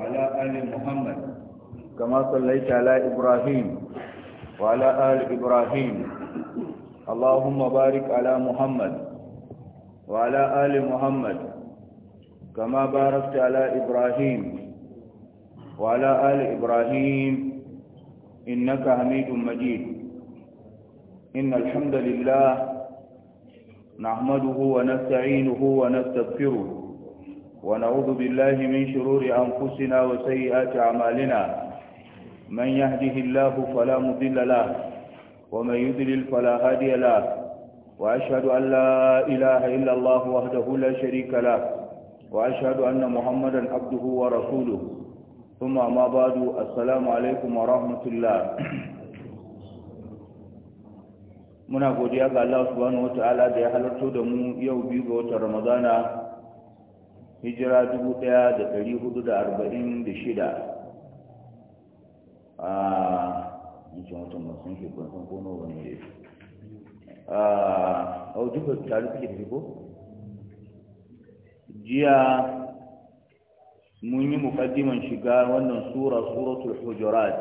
وعلى آل محمد كما صليت على إبراهيم وعلى آل إبراهيم اللهم بارك على محمد وعلى آل محمد كما باركت على إبراهيم وعلى آل إبراهيم إنك حميد مجيد إن الحمد لله نحمده ونستعينه ونستغفره ونعوذ بالله من شرور أنفسنا وسيئات أعمالنا من يهده الله فلا مضل له ومن يضلل فلا هادي له وأشهد أن لا إله إلا الله وحده لا شريك له وأشهد أن محمدا عبده ورسوله ثم ما بعد السلام عليكم ورحمة الله muna godiya ga Allah subhanahu wataala da ya halarto da mu yau biyu ga watan Ramadana hijira 1446 a yankin watan masu ke kwanton goma wani a tare suke jiya mun yi mukaddiman shiga wannan sura suratul hujurat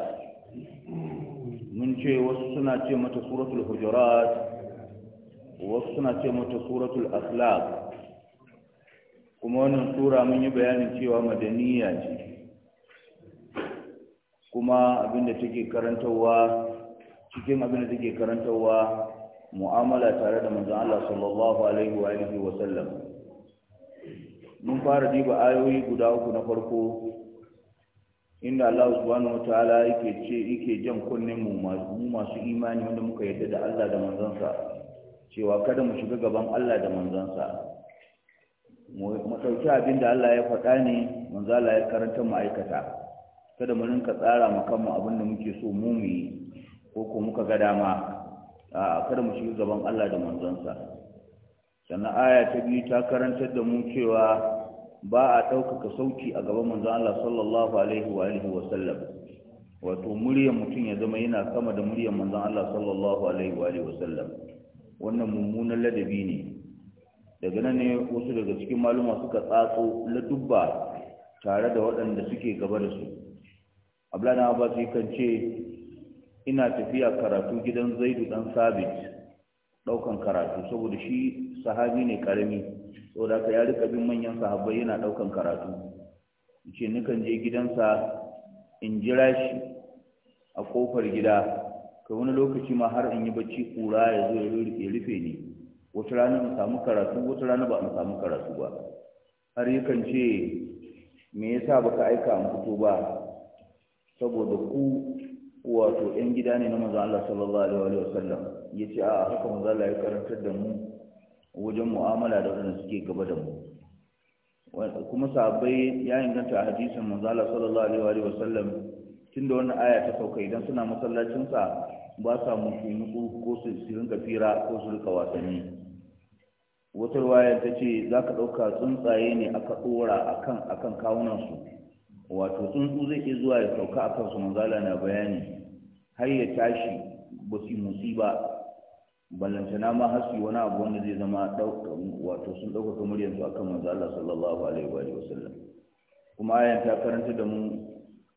mun ce wasu suna ce mata suratul hujurat wasu suna ce mata suratul akhlaq kuma wannan sura mun yi bayanin cewa madaniya ce kuma abinda take karantarwa cikin abinda take karantarwa mu'amala tare da manzon Allah sallallahu alaihi wa alihi wa sallam mun fara diba ayoyi guda uku na farko inda Allah subhanahu wataala yake ce yake jan kunnen mu masu imani wanda muka yarda da Allah da manzon sa cewa kada mu shiga gaban Allah da manzon sa mu abin da Allah ya faɗa ne manzo ya karanta ma'aikata. kada mu rinka tsara mu kanmu abin da muke so mu mu yi ko ko muka ga dama a kada mu shiga gaban Allah da manzonsa sannan aya ta biyu ta karantar da mu cewa ba a ɗaukaka sauki a gaban manzon Allah sallallahu alaihi wa alihi wa sallam wato muryar mutum ya zama yana sama da muryar manzon Allah sallallahu alaihi wa alihi wa sallam wannan mummunan ladabi ne daga nan ne wasu daga cikin maluma suka tsatso dubba tare da waɗanda suke gaba da su abdullahi abbas yakan ce ina tafiya karatu gidan zaidu dan sabit daukan karatu saboda shi sahabi ne karami saboda haka ya rika bin manyan sahabbai yana daukan karatu ni nukan je gidansa in jira shi a kofar gida kai wani lokaci ma har in yi bacci kura ya zo ya rufe ni wata rana mu samu karatu wata rana ba mu samu karatu ba har yakan ce me yasa baka aika an fito ba saboda ku wato 'yan gida ne na manzon Allah sallallahu alaihi wa sallam yace a haka manzon Allah ya karantar da mu wajen mu'amala da wanda suke gaba da mu kuma sahabbai ya inganta a hadisin manzon Allah sallallahu alaihi wa sallam tunda wannan aya ta sauka idan suna masallacin sa ba sa mutu ko su rinka fira ko su rika wasanni wata ruwaya ta ce za ka ɗauka tsuntsaye ne aka ɗora akan akan kawunansu wato tsuntsu zai iya zuwa ya sauka a kansu manzala na bayani har ya tashi ba su ba ballantana ma Hasi wani abu wanda zai zama wato sun ɗaukaka muryarsu akan manzala sallallahu alaihi wa sallam kuma ayan ta karanta da mu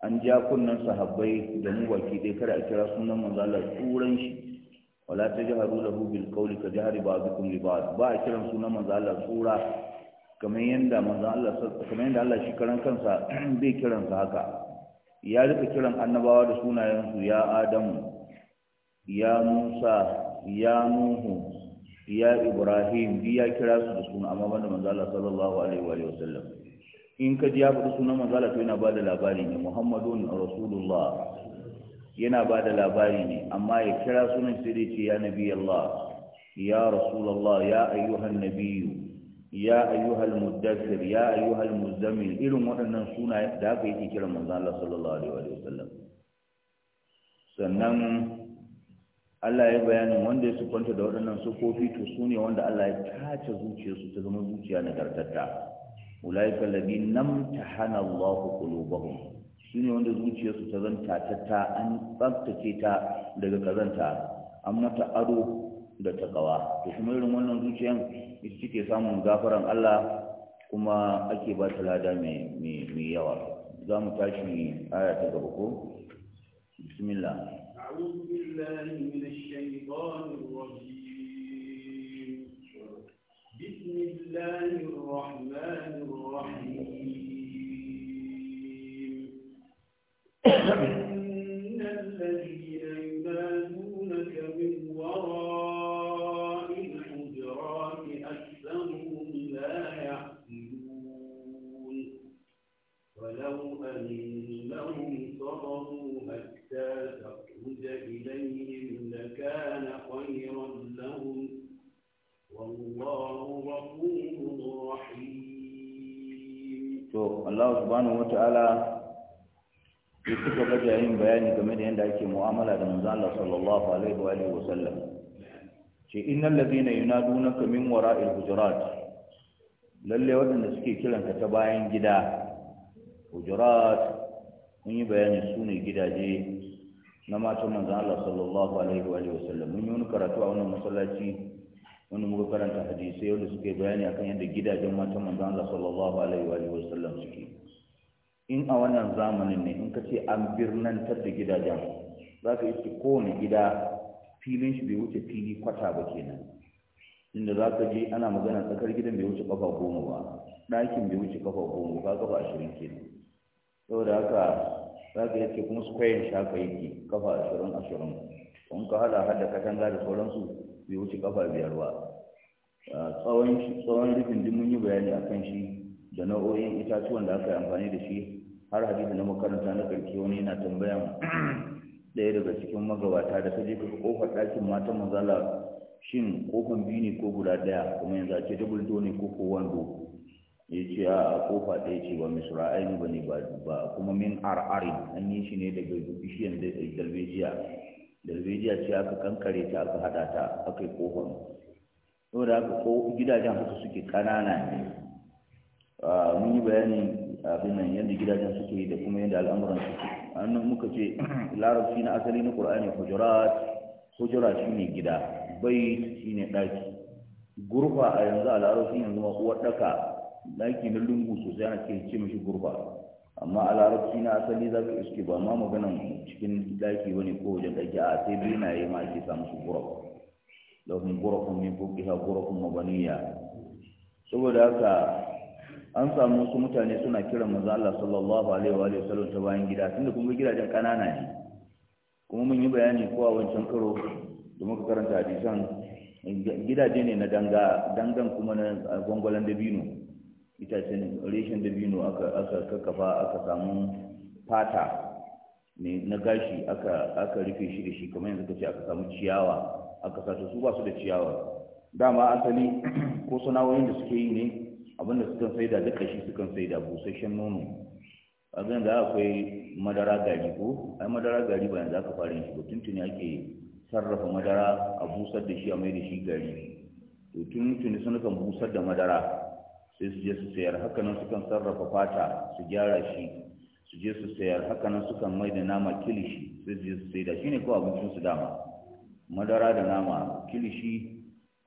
an ja kunnan sahabbai da mu baki ɗaya kada a kira sunan manzala turan shi wala tajharu lahu bil qawli ka jahri ba'dukum li ba'd ba a kiran sunan manzo Allah tsura kamar yanda manzo shi karan kansa bai kiran sa haka ya rufe kiran annabawa da sunayen ya Adam ya Musa ya Nuhu ya Ibrahim bi ya kira da suna amma banda manzo Allah wa sallam in ka ji ya faɗi sunan manzo to yana ba da labari ne Muhammadun Rasulullah yana ba da labari ne amma ya kira sunan sai da ce ya nabi Allah ya rasulullah ya ayyuhan nabiyyu ya ayyuhal muddathir ya ayyuhal muzammil irin waɗannan suna da aka yi kiran manzo Allah sallallahu alaihi wa sallam sannan Allah ya bayanin wanda ya sufanta da waɗannan sufofi to sune wanda Allah ya tace zuciyarsu ta zama zuciya nagartatta ulaika alladhina namtahana Allahu qulubahum su ne wanda zuciyarsu ta zanta ta ta an tsabtace ta daga kazanta an mata ado da ta kawa to kuma irin wannan zuciyan ita cike samun gafaran Allah kuma ake ba ta lada mai yawa za mu tashi aya ta gaba ko bismillah بسم الله الرحمن الرحيم إن الذين ينادونك من وراء الحجرات أكثرهم لا يعقلون ولو أنهم صبروا حتى تخرج إليهم لكان خيرا لهم والله غفور رحيم. الله سبحانه وتعالى da suka gaba da yin bayani game da yadda ake mu'amala da manzo Allah sallallahu alaihi wa alihi wa sallam ce innal ladina yunadunaka min wara'il hujurat lalle waɗanda suke kiranka ta bayan gida hujurat mun yi bayani su ne gidaje na matan manzan Allah sallallahu alaihi wa alihi wasallam mun yi wani karatu a wannan masallaci wani muka karanta hadisai wanda suke bayani akan yadda gidajen matan manzan Allah sallallahu alaihi wa alihi wasallam suke in a wannan zamanin ne in ka ce an birnantar da gidajen za ka iske kowane gida filin shi bai wuce fili kwata ba kenan inda za ka je ana magana tsakar gidan bai wuce kafa goma ba ɗakin bai wuce kafa goma ba kafa ashirin kenan saboda haka za ka yake kuma square shi haka yake kafa ashirin ashirin in ka hada hada katanga da sauransu bai wuce kafa biyar ba tsawon rufin duk mun yi bayani akan shi da nau'o'in itatuwan da aka yi amfani da shi har hadisi na makaranta na karki wani yana tambaya ɗaya daga cikin magabata da ta je ka kofar ɗakin matan mazala shin kofan biyu ne ko guda ɗaya kuma yanzu a ce double door ne ko ko wando ya ce a kofa ɗaya ce ba misra aini ba ne ba kuma min ar'ari an yi shi ne daga bishiyan dalbejiya dalbejiya ce aka kankare ta aka haɗa ta aka yi kofan saboda haka ko gidajen haka suke ƙanana ne ah, mun yi bayani abin nan yadda gidajen suke yi da kuma yadda al'amuran suke an muka ce larabci na asali na ƙura'ani hujurat hujurat shine gida bai shine daki gurfa a yanzu a larabci yanzu ma uwar daka daki na lungu sosai ana ce ce mashi gurfa amma a larabci na asali za ka iske ba ma maganan cikin daki wani ko wajen ɗaki a sai benaye ma ake samu su gurfa lahum gurfa min fawqiha gurfa mabaniya saboda haka an samu wasu mutane suna kiran maza Allah sallallahu alaihi wa sallam ta bayan gida tunda kun ga gidajen kanana ne kuma mun yi bayani ko a wancan karo da muka karanta hadisan gidaje ne na danga dangan kuma na gwangwalan dabino itacen reshen dabino aka aka kakkafa aka samu fata ne na gashi aka aka rufe shi da shi kamar yanzu kace aka samu ciyawa aka sato su ba su da ciyawa dama asali ko sanawoyin da suke yi ne abinda sukan sai da duka shi sukan sai da busasshen nono a zan da akwai madara gari ko ai madara gari ba yanzu aka fara shi ba tuntuni ake sarrafa madara a busar da shi a mai da shi gari to tuntuni sun kan busar da madara sai su je su sayar hakanan sukan sarrafa fata su gyara shi su je su sayar hakanan sukan mai da nama kilishi sai su je su sai da shi ne ko su dama madara da nama kilishi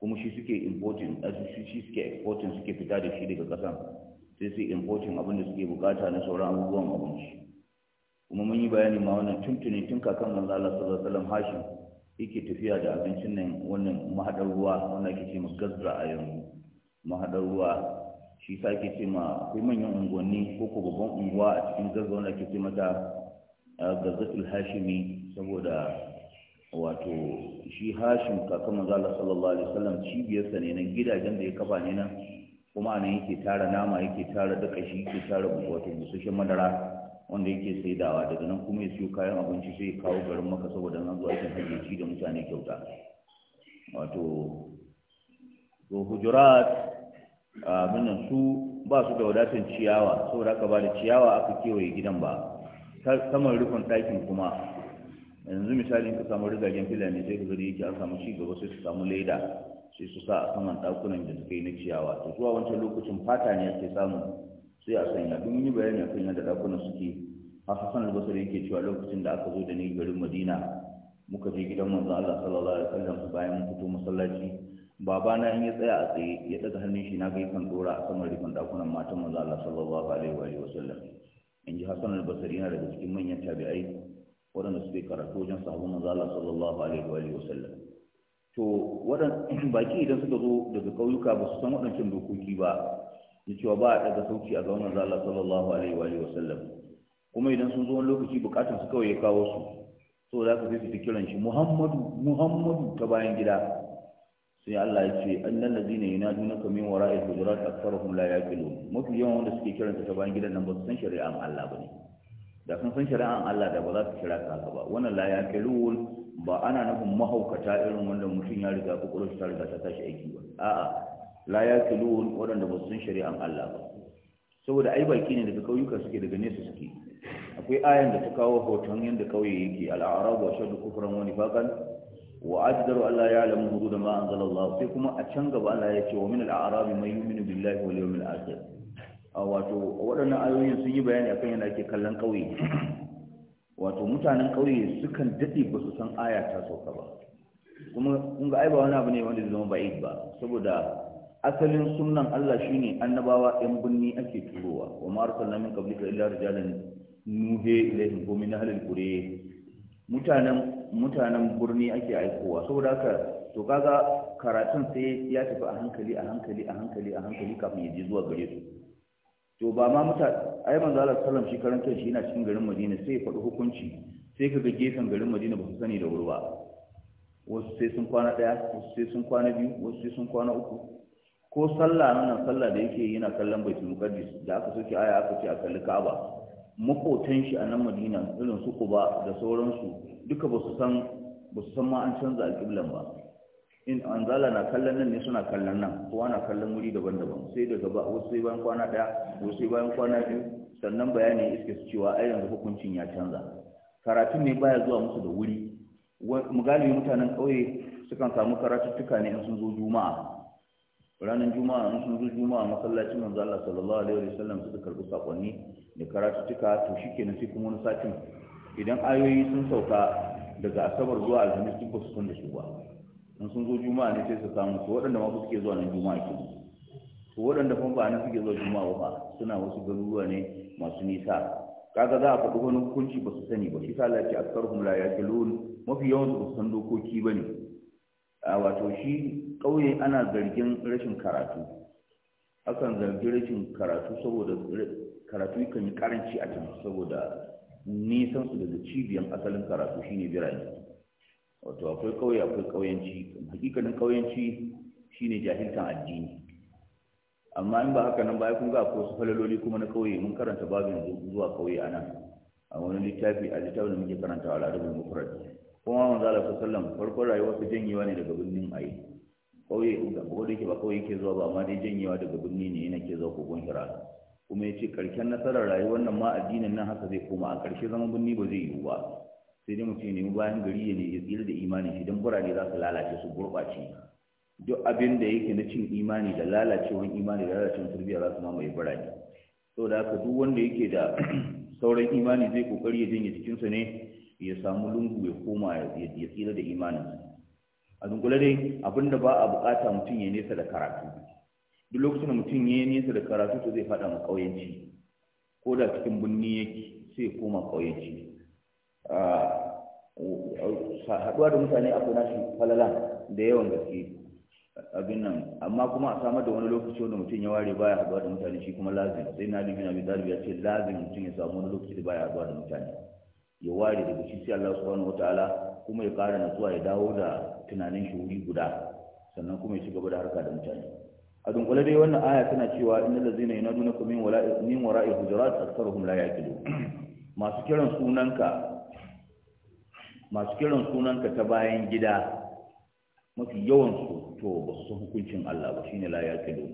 kuma shi suke importing shi suke exporting suke fita da shi daga kasan sai su importing abin da suke bukata na sauran abubuwan abinci kuma mun yi bayani ma wannan tuntuni tun kakan manzo Allah sallallahu alaihi wasallam Hashim yake tafiya da abincin nan wannan mahadar ruwa wanda ake ce gazra a yanzu mahadar ruwa shi sa ke ce ma akwai manyan unguwanni ko ko babban unguwa a cikin gazra wanda ake ce mata gazatul hashimi saboda wato shi hashim kakan Allah sallallahu alaihi wasallam cibiyarsa ne nan gidajen da ya kafa ne nan kuma nan yake tara nama yake tara duka shi yake tara wato busasshen madara wanda yake saidawa daga nan kuma ya siyo kayan abinci sai ya kawo garin maka saboda nan zuwa aikin hajji da mutane kyauta wato to hujurat abin su ba su da wadatar ciyawa saboda aka ba da ciyawa aka kewaye gidan ba saman rufin ɗakin kuma yanzu misali ka samu rigagen filani sai ka gari yake an samu ci gaba sai su samu leda sai su sa a saman dakunan da suka yi na ciyawa to zuwa wancan lokacin fata ne ake samu sai a sanya duk yi bayani akan yadda dakunan suke hasan al-basri yake cewa lokacin da aka zo da ni garin madina muka je gidan manzo Allah sallallahu alaihi wasallam bayan mun fito masallaci Baba na in ya tsaya a tsaye ya daga hannun shi na gaifan yakan dora a saman rifin dakunan matan manzo Allah sallallahu alaihi wasallam in ji hasan al-basri yana daga cikin manyan tabi'ai waɗanda suke karatu wajen sahabban manzo Allah sallallahu alaihi wa sallam to waɗan baki idan suka zo daga kauyuka ba su san waɗancan dokoki ba ya cewa ba a daga sauki a gaban manzo Allah sallallahu alaihi wa sallam kuma idan sun zo wani lokaci bukatun su kawai ya kawo su so za ka sai su ta kiran shi Muhammadu Muhammadu ta bayan gida sai Allah ya ce annal ladina yanadunaka min wara'il hujurat aktharuhum la yaqilun mafi yawan wanda suke kiranta ta bayan gidan nan ba su san shari'a Allah ba ne. da sun san shari'an Allah da ba za su kira ka ba wannan la ya kirul ba ana nufin mahaukata irin wanda mutum ya riga ko shi ta riga ta tashi aiki ba a'a la ya kirul waɗanda ba su san shari'an Allah ba saboda ai baki ne daga kauyuka suke daga nesa suke akwai ayan da ta kawo hoton yadda kauye yake al'arab wa shaddu kufran wa nifaqan wa ajdaru alla ya'lamu hudud ma anzala Allah sai kuma a can gaba Allah ya ce wa min al'arabi man yu'minu billahi wal yawmil akhir wato waɗannan ayoyin sun yi bayani akan yana ake kallon ƙauye wato mutanen ƙauye sukan daɗe ba su san aya ta sauka ba kuma kun ga ai ba wani abu ne wanda zai zama ba'id ba saboda asalin sunan Allah shine annabawa ɗan binni ake turowa wa ma arsalna min qablika illa rijalan nuhe ilaihim ko min ahlil qura mutanen mutanen birni ake aikowa saboda haka to kaga karatun sai ya tafi a hankali a hankali a hankali a hankali kafin ya je zuwa gare su to ba ma muta ai manzo Allah sallam shi karan kai shi yana cikin garin Madina sai ya faɗi hukunci sai kaga gefen garin Madina ba su sani da wuri ba wasu sai sun kwana daya wasu sai sun kwana biyu wasu sai sun kwana uku ko sallah nan sallah da yake yana kallon baiti muqaddis da aka soke aya aka ce a kalli Ka'aba makotan shi a nan Madina irin su Quba da sauransu duka ba su san ba su san ma an canza alƙiblan ba in anzala na kallon nan ne suna kallon nan kowa na kallon wuri daban-daban sai da gaba wasu sai bayan kwana daya wasu sai bayan kwana biyu sannan bayani iske su cewa a yanzu hukuncin ya canza karatun ne baya zuwa musu da wuri mu galibi mutanen kauye sukan samu karatuttuka ne in sun zo juma'a ranar juma'a in sun zo juma'a masallacin manzo Allah sallallahu alaihi wa sallam suka karbi sakonni da karatuttuka to shikenan sai kuma wani satin idan ayoyi sun sauka daga asabar zuwa alhamis duk ba su san da shi ba in sun zo juma'a ne sai su samu su waɗanda ma suke zuwa nan juma'a ke to waɗanda kuma ba nan suke zuwa juma'a ba suna wasu garuruwa ne masu nisa kaga za a faɗi wani hukunci ba su sani ba shi sa lafi askarhum la yaqilun mafi yawan su san dokoki bane a wato shi ƙauye ana zargin rashin karatu akan zargi rashin karatu saboda karatu kan yi karanci a can saboda nisan su daga cibiyar asalin karatu shine birane wato akwai kauye akwai kauyanci hakikanin kauyenci shine jahiltan addini amma in ba haka nan ba kun ga akwai wasu falaloli kuma na kauye mun karanta babu yanzu zuwa kauye anan a wani littafi a littafin da muke karanta a larabin mufrad kuma manzo ko sallam farkon rayuwar su janyewa ne daga birnin ayi kauye da ko da yake ba kauye yake zuwa ba amma dai janyewa daga birni ne yana ke zuwa kogon hira kuma yace karken nasarar rayuwar nan ma addinin nan haka zai koma a karshe zaman birni ba zai yiwu ba sai dai mutum nemi bayan gari ya ne ya tsira da imani shi don burane za su lalace su gurɓace duk abin da yake na cin imani da lalacewan imani da lalacewan turbiya za su mamaye burane da haka duk wanda yake da sauran imani zai kokari ya janye jikinsa ne ya samu lungu ya koma ya tsira da imani a dunkule dai abinda ba a bukata mutum ya nesa da karatu duk lokacin da mutum ya nesa da karatu to zai faɗa ma ƙauyenci ko da cikin birni yake sai ya koma ƙauyenci Ah, haɗuwa da mutane akwai nashi falalan da yawan gaske abin nan amma kuma a samar da wani lokaci wanda mutum ya ware baya haɗuwa da mutane shi kuma lazim sai na limina bi zalibi ya ce lazim mutum ya samu wani lokaci da baya haɗuwa da mutane ya ware daga shi sai Allah subhanahu wataala kuma ya ƙara natsuwa ya dawo da tunanin shi wuri guda sannan kuma ya ci gaba da harka da mutane a dunkule dai wannan aya tana cewa innal ladzina yunadunaka min wara'i min wara'i hujurat aktharuhum la yaqilun masu kiran sunanka masu kiran sunanka ta bayan gida mafi yawansu to ba su hukuncin Allah ba shine la yaqilu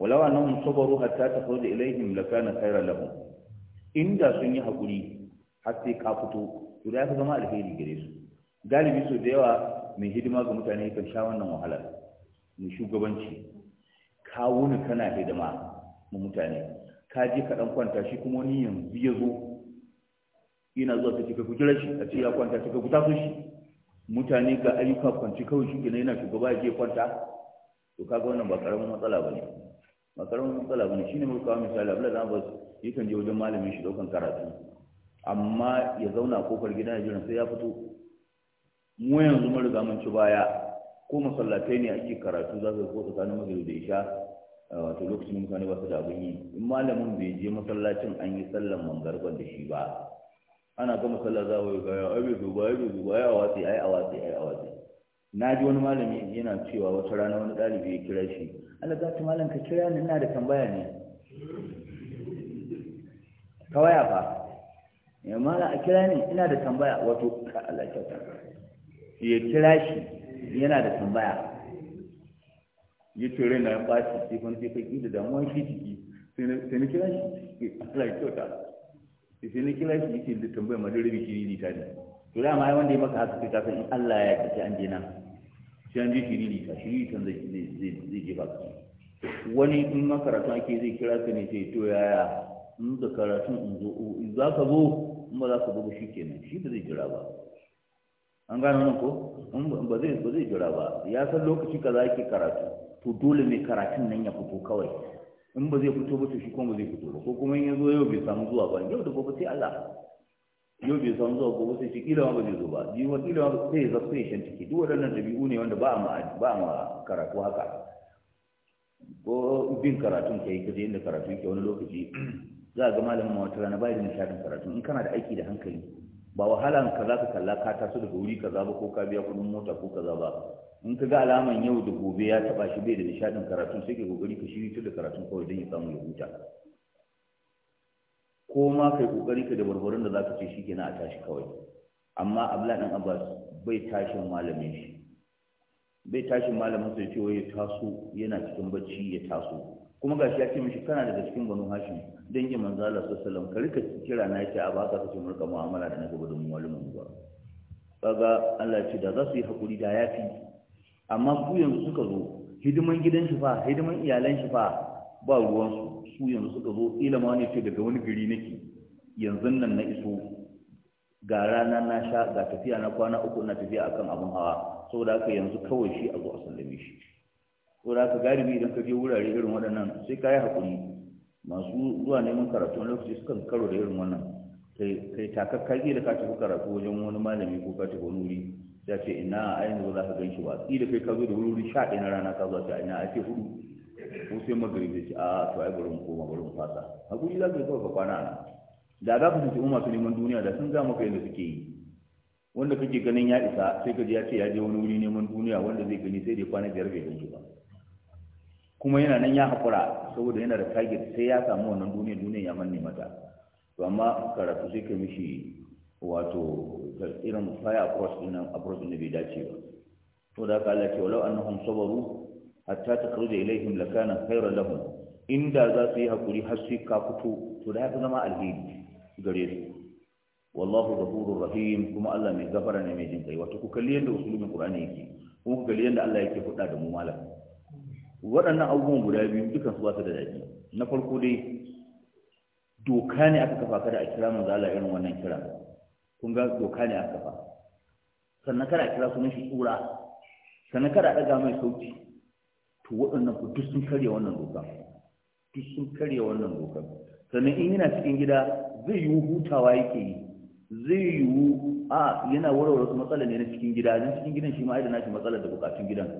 walau annahum sabaru hatta takhruja ilaihim lakana khairan lahum inda sun yi hakuri har sai ka fito to da ya zama alheri gare su galibi so da yawa mai hidima ga mutane kan sha wannan wahala mai shugabanci ka wuni kana hidima ma mutane ka je ka dan kwanta shi kuma ni yanzu ya zo ina zuwa ta cika ku shi a ce ya kwanta cika ku taso shi mutane ga ayyuka kwanci kawai shi kenan yana shugaba ya ke kwanta to kaga wannan ba karamin matsala bane ba karamin matsala bane shine muka kawo misali za mu Abbas yakan je wajen malamin shi daukan karatu amma ya zauna kofar gida ya jira sai ya fito mu yanzu mun riga mun ci baya ko masallatai ne ake karatu za su ko tsakanin magrib da isha eh, wato lokacin mutane ba su da abin yi in malamin bai je masallacin an yi sallan mangarban da shi ba ana ga masallar za a yi gaya ai bai duba ai bai duba ya a ai a watsi ai a watsi na ji wani malami yana cewa wata rana wani ɗalibi ya kira shi Allah za ta malam ka kira ni ina da tambaya ne Kawai waya fa ya malam a kira ni ina da tambaya wato ka Allah kyauta ya kira shi yana da tambaya ya ce rai na ya ɓaci sai kwanci kai da damuwa shi ciki sai na kira shi Allah kyauta sai sai na kira shi yake da tambayar ma darabi shiriri ta ne to dama ma wanda ya maka haka sai ka san in Allah ya yarda sai an je nan sai an je shiriri ta shi ta zai zai zai je baka wani in ma ake zai kira ka ne sai to yaya in ka karatu in zo in za ka zo in ba za ka zo ba shikenan shi ba zai jira ba an gano nan ko ba zai ba zai jira ba ya san lokaci kaza yake karatu to dole ne karatun nan ya fito kawai in ba zai fito ba to shi kuma zai fito ba ko kuma in ya zo yau bai samu zuwa ba yau da gobe sai Allah yau bai samu zuwa gobe sai shi kila ba zai zo ba ji wa kila ma sai ya zafi shi ya shanta ke duk waɗannan dabi'u ne wanda ba a ma ba a ma karatu haka ko bin karatun kai kaje inda karatu yake wani lokaci za ga malamin ma wata rana ba da nishadin karatu in kana da aiki da hankali ba wahalan ka za ka kalla ka taso daga wuri kaza ba ko ka biya kudin mota ko kaza ba in ka ga alaman yau da gobe ya taba shi bai da nishadin karatu sai ka kokari ka shiri da karatun kawai don ya samu ya huta ko ma kai kokari ka da barbarin da za ka ce na a tashi kawai amma abdullahi dan abbas bai tashin malamin shi bai tashin malamin sai ce ya taso yana cikin bacci ya taso kuma gashi ya ce mishi kana daga cikin banu hashim dangin manzo Allah sallallahu alaihi wasallam ka kira na yake a baka kace mu mu'amala da na gaba da mu malamin ba kaga Allah ya ce da za su yi hakuri da yafi amma ku yanzu suka zo hidiman gidan shi fa hidiman iyalan shi fa ba ruwan su su yanzu suka zo ila ma ne ce daga wani gari nake yanzu nan na iso ga rana na sha ga tafiya na kwana uku na tafiya akan abun hawa saboda haka yanzu kawai shi a zo a sallame shi saboda haka galibi idan ka je wurare irin waɗannan sai ka yi haƙuri masu zuwa neman karatu wani lokaci sukan karo da irin wannan kai takakka da ka tafi karatu wajen wani malami ko ka tafi wani wuri ya ce ina a yanzu ba za ka gan shi ba tsi da kai ka zo da wuri sha ɗaya na rana ka zo ta ina ake hudu ko sai magari da ce a to ai bari mu koma bari mu fasa haƙuri za ka kawai ka kwana nan da za ka tuntuɓi masu neman duniya da sun gama kai da suke yi wanda kake ganin ya isa sai ka ji ya ce ya je wani wuri neman duniya wanda zai gani sai dai kwana biyar bai gan shi ba kuma yana nan ya haƙura saboda yana da target sai ya samu wannan duniya duniya ya manne mata to amma karatu sai ka mishi wato irin fire approach din nan approach din bai dace ba to da ka Allah ce walau annahum sabaru hatta takhruja ilaihim lakana khairan lahum inda za su yi hakuri har sai ka fito to da haka zama alheri gare su wallahu ghafurur rahim kuma Allah mai gafara ne mai jin kai wato ku kalli yadda usulun Qur'ani yake kuma ku kalli yadda Allah yake faɗa da mu malam waɗannan abubuwan guda biyu dukan su ba su da daɗi na farko dai doka ne aka kafa kada a kira manzo Allah irin wannan kira kun ga doka ne aka kafa sannan kada a kira sunan shi tsura sannan kada a ɗaga mai sauki, to waɗannan ku duk sun karya wannan doka duk sun karya wannan doka sannan in yana cikin gida zai yiwu hutawa yake yi zai yiwu a yana warware wasu matsala ne na cikin gida na cikin gidan shi ma aida shi matsalar da bukatun gidan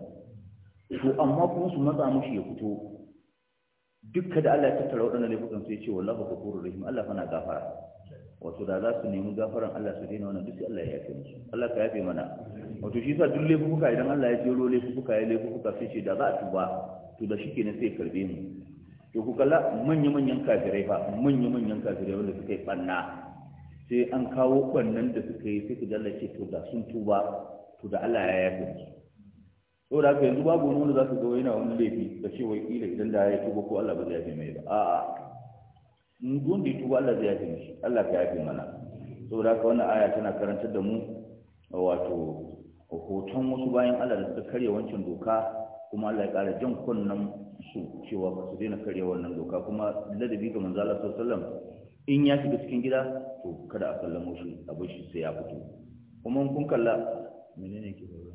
to amma kuma su maza mushi ya fito dukka da Allah ya tattara waɗannan laifukan sai ce wallahu ghafurur rahim Allah fa na gafara wato da za su nemi gafaran Allah su dena wannan duk Allah ya yafe musu Allah ka yafe mana wato shi yasa duk laifuka idan Allah ya jero laifuka ya laifuka sai ce da za a tuba to da shi kenan sai karbe mu to ku kalla manya manyan kafirai fa manya manyan kafirai wanda suka yi banna sai an kawo bannan da suka yi sai ku ce to da sun tuba to da Allah ya yafe musu so da haka yanzu babu wani wanda za ka ga yana wani laifi ka ce wai kila idan da ya tuba ko Allah ba zai yafe mai ba a'a in gun da tuba Allah zai yafe mishi Allah ka yafe mana so da haka wannan aya tana karantar da mu wato hoton wasu bayan Allah da suka karya wancan doka kuma Allah ya ƙara jan kunnen su cewa ba su daina karya wannan doka kuma ladabi ga manzo Allah sallallahu alaihi wasallam in ya shiga cikin gida to kada a sallamo shi a shi sai ya fito kuma kun kalla menene ke faruwa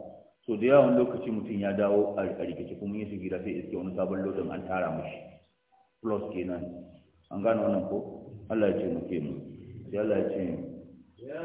so da yawan lokaci mutum ya dawo a rikici kuma yin sigira sai iske wani sabon lodin an tara mashi plus kenan an gane wannan ko Allah ya ce ke mu sai Allah ya ce ya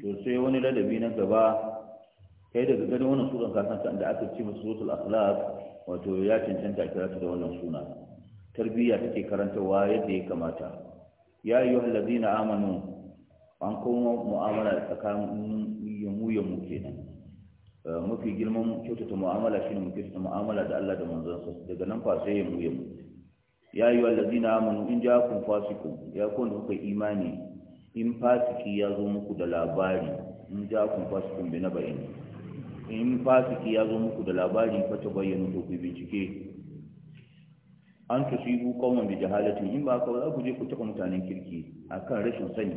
to sai wani ladabi na gaba kai daga ganin wannan ka kasan da aka ce masa suratul akhlaq wato ya cancanta kira ta da wannan suna tarbiyya take karantawa yadda ya kamata ya yi wallazina amanu an kuma mu'amala tsakanin yamu yamu kenan eh, mafi girman kyautata mu'amala shine mu kyautata mu'amala da Allah da sa daga nan fa sai yamu yamu ya yi wallazina amanu in ja'akum fasiqun ya kun da kuka imani in fasiki ya zo muku da labari in ja kun fasikun bi na bayani in fasiki ya zo muku da labari fa ta bayyana to ku bincike an ku kawo bi jahalatu in ba ka za ku je ku taɓa mutanen kirki akan rashin sani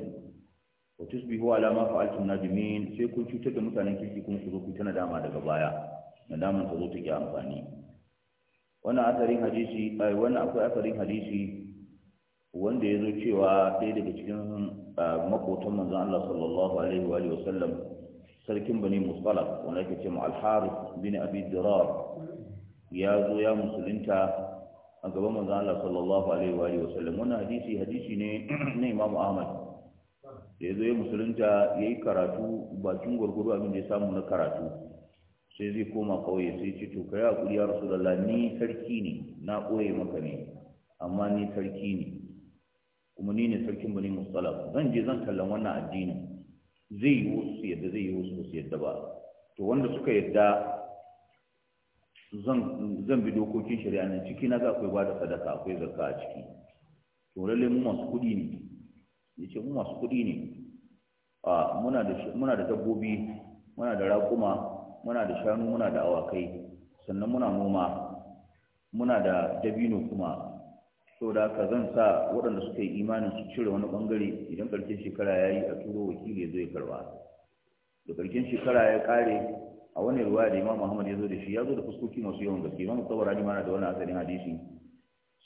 wa tusbihu ala ma fa'altum nadimin sai kun cutar da mutanen kirki kuma ku zo ku ta nadama daga baya nadaman ta zo ta ki amfani wannan asarin hadisi ai wannan akwai asarin hadisi wanda ya zo cewa ɗaya daga cikin ah, makotan manzan Allah sallallahu alaihi wa sallam sarkin bani mustalaf wanda ake ce ma'alharu bin abi dirar ya zo ya musulunta a gaban manzan Allah sallallahu alaihi wa sallam wannan hadisi hadisi ne na Imam Ahmad da ya zo ya musulunta ya yi karatu bakin gwargwaro abin da ya samu na karatu sai zai koma kauye sai ce to kai a hakuri ya rasulullahi ni sarki ne na ƙoye maka ne amma ni sarki ne kuma ni ne sarkin bani musala zan je zan kallon wannan addinin zai yi wasu yadda zai yi wasu wasu yadda ba to wanda suka yadda zan bi dokokin shari'a nan ciki na ga akwai ba da sadaka akwai zakka a ciki to lalle mu masu kuɗi ne ya ce mu masu kuɗi ne muna da dabbobi muna da raƙuma muna da shanu muna da awakai sannan muna noma muna da dabino kuma so da haka zan sa waɗanda suka yi imanin su cire wani ɓangare idan ƙarshen shekara ya yi a turo wakili ya zo ya karba da ƙarshen shekara ya ƙare a wani ruwa da imam muhammad ya zo da shi ya zo da fuskoki masu yawan gaske imam tsabar ma na da wani asalin hadisi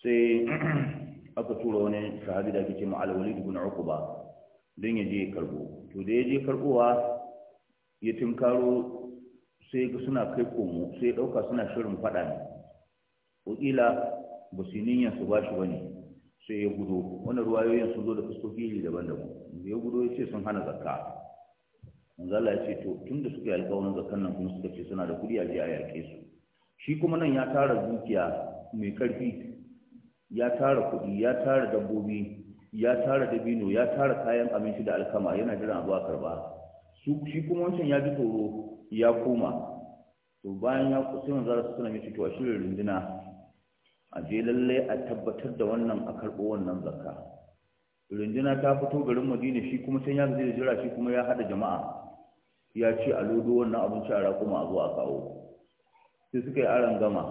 sai aka tura wani sahabi da ake ce ma'al walid ibn ba. don ya je karbo to da ya je karbowa ya tunkaro sai suna kai komo sai ɗauka suna shirin faɗa ne wakila ba su niyyar su ba shi ba ne sai ya gudo wannan ruwayoyin sun zo da fuskoki daban-daban ya gudo ya ce sun hana zakka manzala ya ce to tun da suka yi alkawarin zakkan nan kuma suka ce suna da kuɗi a je a yaƙe su shi kuma nan ya tara dukiya mai ƙarfi ya tara kuɗi ya tara dabbobi ya tara dabino ya tara kayan abinci da alkama yana jiran abu a karɓa. shi kuma wancan ya ji tsoro ya koma to bayan ya kusa manzala su suna mai cutuwa a shirin runduna a je lalle a tabbatar da wannan a karɓo wannan zakka rinjina ta fito garin madina shi kuma can ya zai da jira shi kuma ya haɗa jama'a ya ce a lodo wannan abinci a raƙuma a zo a kawo sai suka yi aron gama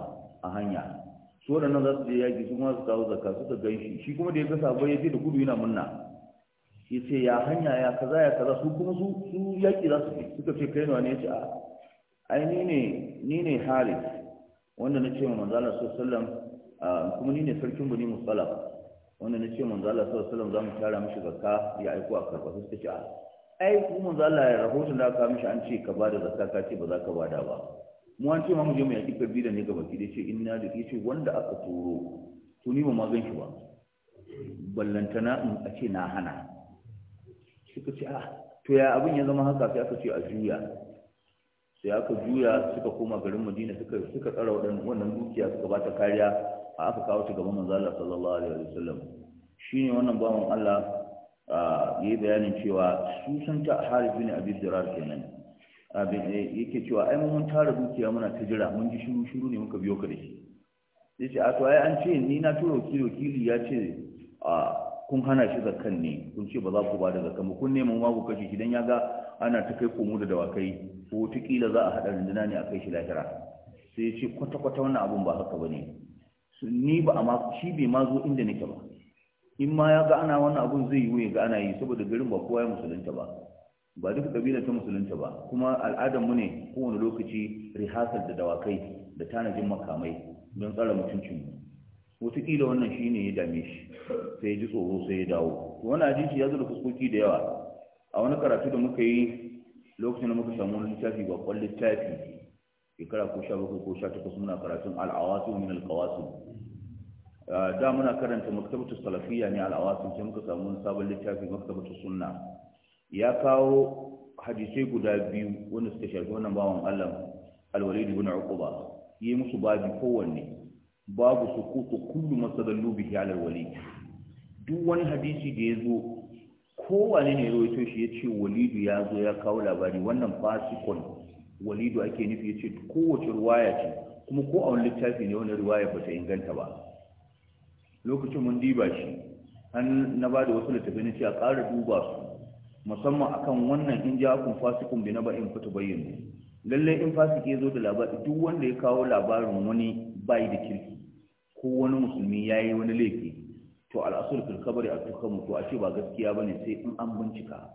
a hanya su waɗannan za su je yaƙi su kuma su kawo zakka suka gan shi shi kuma da ya ga bai ya je da gudu yana munna ya ce ya hanya ya kaza ya kaza su kuma su yaƙi za su fi suka ce kai ne ya ce a ai ni ne ni ne haris wanda na ce ma manzala sallallahu kuma ni ne sarkin bani musala wanda na ce manzo Allah sallallahu alaihi wasallam zamu tara mishi zakka ya aiko a karba su take A ah, ai ku manzo Allah ya rahoto da aka mishi an ce ka bada zakka ka ce ba za ka bada ba mu an ce ma mu je mu yaki da ne gaba baki da ce inna da ce wanda aka turo to ni ba ma ganki shi ba ballantana in a ce na hana suka ce ah to ya abin ya zama haka sai aka ce a juya sai aka juya suka koma garin madina suka suka tsara wannan dukiya suka bata kariya a aka kawo shi gaban manzo Allah sallallahu alaihi wasallam shine wannan bawan Allah yi bayanin cewa su san ta Harith bin Abi Dirar kenan abin eh, yake cewa ai mun tara dukiya muna ta jira mun ji shiru shiru ne muka biyo ka da shi sai ce a to ai an ce ni na tura wakili wakili ya ce a kun hana shi zakkan ne kun ce ba za ku ba da zakkan mu? kun nemi ma ku kashi? shi ya ga ana ta kai komo da dawakai ko wataƙila za a haɗa runduna ne a kai shi lahira sai ya ce kwata-kwata wannan abun ba haka ba ne ni ba a shi bai ma zo inda nake ba in ma ya ga ana wannan abun zai yi ya ga ana yi saboda garin ba kowa ya musulunta ba ba duka kabila ta musulunta ba kuma al'adar mu ne kowane lokaci rihasar da dawakai da tanajin makamai don tsara mutuncin wataƙila wannan shi ne ya dame shi sai ya ji tsoro sai ya dawo wani ajin shi ya zo da fuskoki da yawa a wani karatu da muka yi lokacin da muka samu wani littafi ba kwan littafi shekara ko sha bakwai ko sha takwas muna karatun al'awasu min alƙawasu ah, da muna karanta maktabatu salafiyya ne al'awasu sai muka samu sabon littafi maktabatu sunna ya kawo hadisai guda biyu wanda suka shafi wannan bawan Allah alwalid ibn uquba yi musu babi kowanne babu sukutu kullu masadallu bihi ala duk wani hadisi da ya zo kowane ne ya rawaito shi ya ce walidu ya zo ya kawo labari wannan fasikon walidu ake nufi ya ce kowace ruwaya ce kuma ko a wani littafi ne wani ruwaya ba ta inganta ba lokacin mun diba shi an na ba da wasu littafi na ce a ƙara duba su musamman akan wannan in ja kun fasikun bi na ba in fita bayyana lalle in fasiki ya zo da labari duk wanda ya kawo labarin wani bai da kirki ko wani musulmi ya yi wani laifi to al'asul fil a tukan mutu a ce ba gaskiya ne sai in an bincika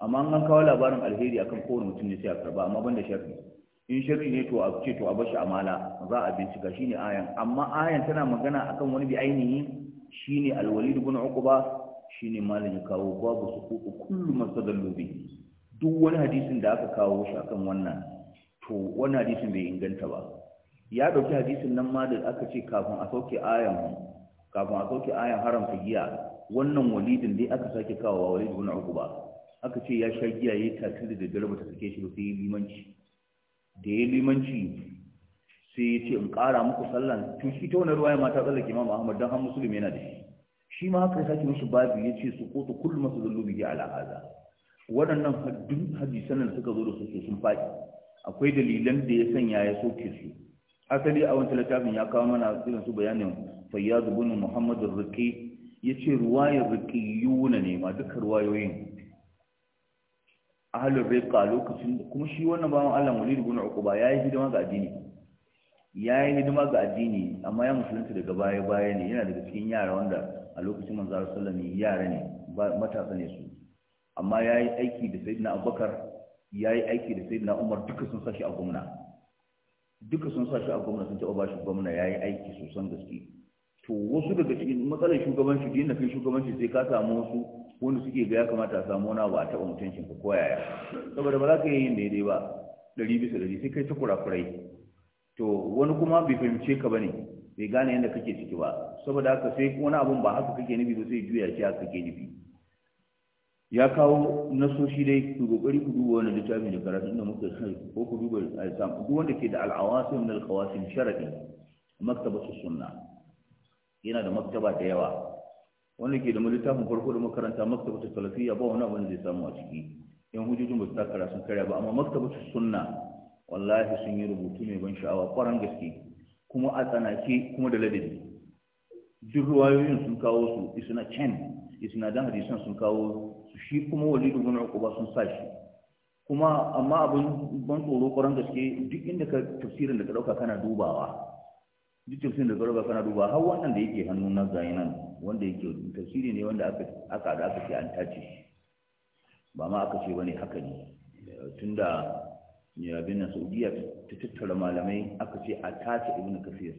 amma an kawo labarin alheri akan kowane mutum ne sai a karba amma banda sharri in sharri ne to a ce to a bashi amala za a bincika shine ayan amma ayan tana magana akan wani bi ainihi shine alwalid ibn uquba shine malamin kawo babu sukuku kullu masadallu duk wani hadisin da aka kawo shi akan wannan to wani hadisin bai inganta ba ya dauki hadisin nan ma da aka ce kafin a sauke ayan kafin a sauke ayan haramta giya wannan walidin dai aka sake kawo walid ibn uquba aka ce ya sha giya ya tafi da daddare ba ta sake shi ba sai ya limanci da ya limanci sai ya ce in ƙara muku sallan tun shi ta wani ruwa ya mata tsallake ma ahmad don har musulmi yana da shi shi ma haka ya sake musu babu ya ce su kotu kullum masu zallo biyu a haza waɗannan haddun hadisan da suka zo da su sun faɗi akwai dalilan da ya sanya ya soke su asali a wancan littafin ya kawo mana irin su bayanin fayyadu bin Muhammadu rikki ya ce ruwayar rike yuna ne ma duka ruwayoyin ahalin rika lokacin kuma shi wannan bawan Allah Mulid ibn Uqba yayi hidima ga addini yayi hidima ga addini amma ya musulunta daga baya baya ne yana daga cikin yara wanda a lokacin manzo sallallahu alaihi wasallam yara ne matasa ne su amma yayi aiki da sayyidina Abubakar yayi aiki da sayyidina Umar duka sun sashi a gwamna duka sun sashi a gwamna sun taɓa bashi gwamna yayi aiki sosan gaske to wasu daga cikin matsalar shugabanci din na kai shugabanci sai ka samu wasu wanda suke ga ya kamata a samu wani abu a taɓa mutuncin ko yaya saboda ba za ka yi yin daidai ba ɗari bisa ɗari sai kai ta kurakurai to wani kuma bai fahimce ka ba ne, bai gane yadda kake ciki ba saboda haka sai wani abun ba haka kake nufi ba sai juya shi haka kake nufi ya kawo nasoshi dai ku kokari ku duba wani littafin da karatu inda muka sai ko ku duba alisam eh, duk wanda ke da al min al sharaɗi. sharadi su sunna yana da maktaba da yawa wanda ke da mu littafin farko da makaranta maktabatu salafiyya ba wani abin da zai samu a ciki yan hujjojin ba su takara sun karya ba amma maktabatu sunna wallahi sun yi rubutu mai ban sha'awa kwaran gaske kuma a tsanake kuma da ladabi duk ruwayoyin sun kawo su isna chen isna dan hadisan sun kawo su shi kuma walidu bin uquba sun sa shi kuma amma abin ban tsoro kwaran gaske duk inda ka tafsirin da ka dauka kana dubawa duk tafsirin da garba kana duba har wannan da yake hannu na gayi nan wanda yake tafsiri ne wanda aka aka da aka ce an tace shi ba ma aka ce bane haka ne tunda ya bin na saudiya ta tattara malamai aka ce a tace ibnu kafir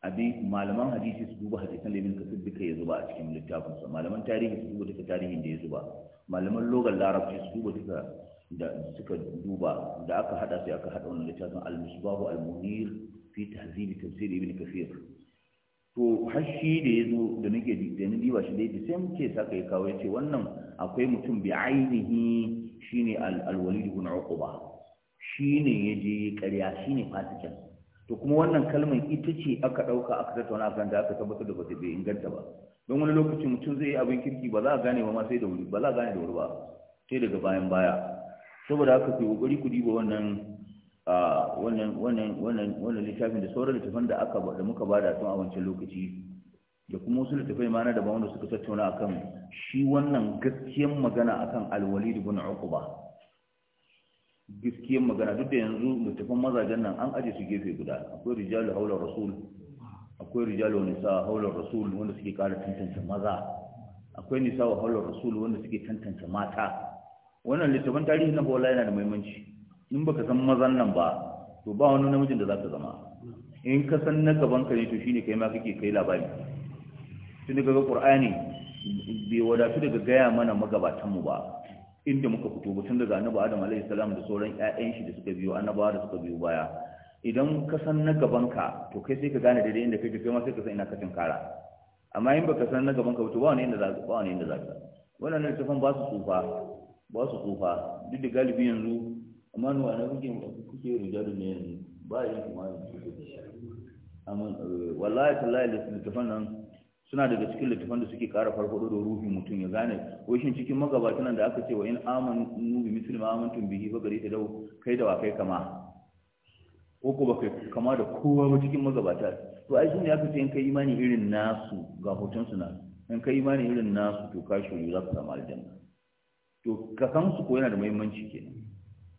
abi malaman hadisi su duba hadisan da ibnu kafir duka ya zuba a cikin littafin sa malaman tarihi su duba duka tarihin da ya zuba malaman logan larabci su duba duka da suka duba da aka hada sai aka hada wannan littafin al musbahu al-munir fi tahzibi tafsir ibn kafir to har shi da ya zo da nake da ni diba shi da sai muke saka ya kawo yace wannan akwai mutum bi ainihi shine al-walid ibn uqba shine yaje ƙarya shine fasikin to kuma wannan kalmar ita ce aka dauka aka tattauna akan da aka tabbatar da bata bai inganta ba don wani lokaci mutum zai yi abin kirki ba za a gane ba ma sai da wuri ba za a gane da wuri ba sai daga bayan baya saboda haka sai kokari ku diba wannan wannan littafin da sauran littafin da aka da muka bada tun a wancan lokaci da kuma wasu littafai mana daban wanda suka tattauna a kan shi wannan gaskiyan magana akan alwalid ibn ba. gaskiyan magana duk da yanzu littafin mazajen nan an aje su gefe guda akwai rijalu haular rasul akwai rijalu nisa haular rasul wanda suke kara tantance maza akwai nisa haular rasul wanda suke tantance mata wannan littafin tarihi na bola yana da muhimmanci in baka san mazan nan ba to ba wani namijin da za ka zama in ka san na gaban ka ne to shine kai ma kake kai labari tun daga ga qur'ani bai wadatu daga gaya mana magabatan mu ba inda muka fito ba tun daga annabi adam alaihi salam da sauran ƴaƴan shi da suka biyo annabawa da suka biyo baya idan ka san na gaban ka to kai sai ka gane daidai inda kake kai ma sai ka san ina ka kara amma in baka san na gaban ka to ba wani inda za ka ba wani inda za ka wannan tafan ba su tsufa ba su tsufa duk da galibi yanzu amma ni wani kuke kuke rijalu ne yanzu ba yin kuma kuke da shi amma eh, wallahi tallahi littafan nan suna daga cikin littafan da suke kara farfaɗo da ruhin mutum ya gane washin cikin magabatan nan da aka ce wa in amanu bi misli ma amantum bihi fa gari ta dau kai da wa kai kama ko ko baka kama da kowa ba cikin magabata to ai shine aka ce in kai imani irin nasu ga hoton su na? in kai imani irin nasu to ka shi za ka samu aljanna to ka san su ko yana da muhimmanci kenan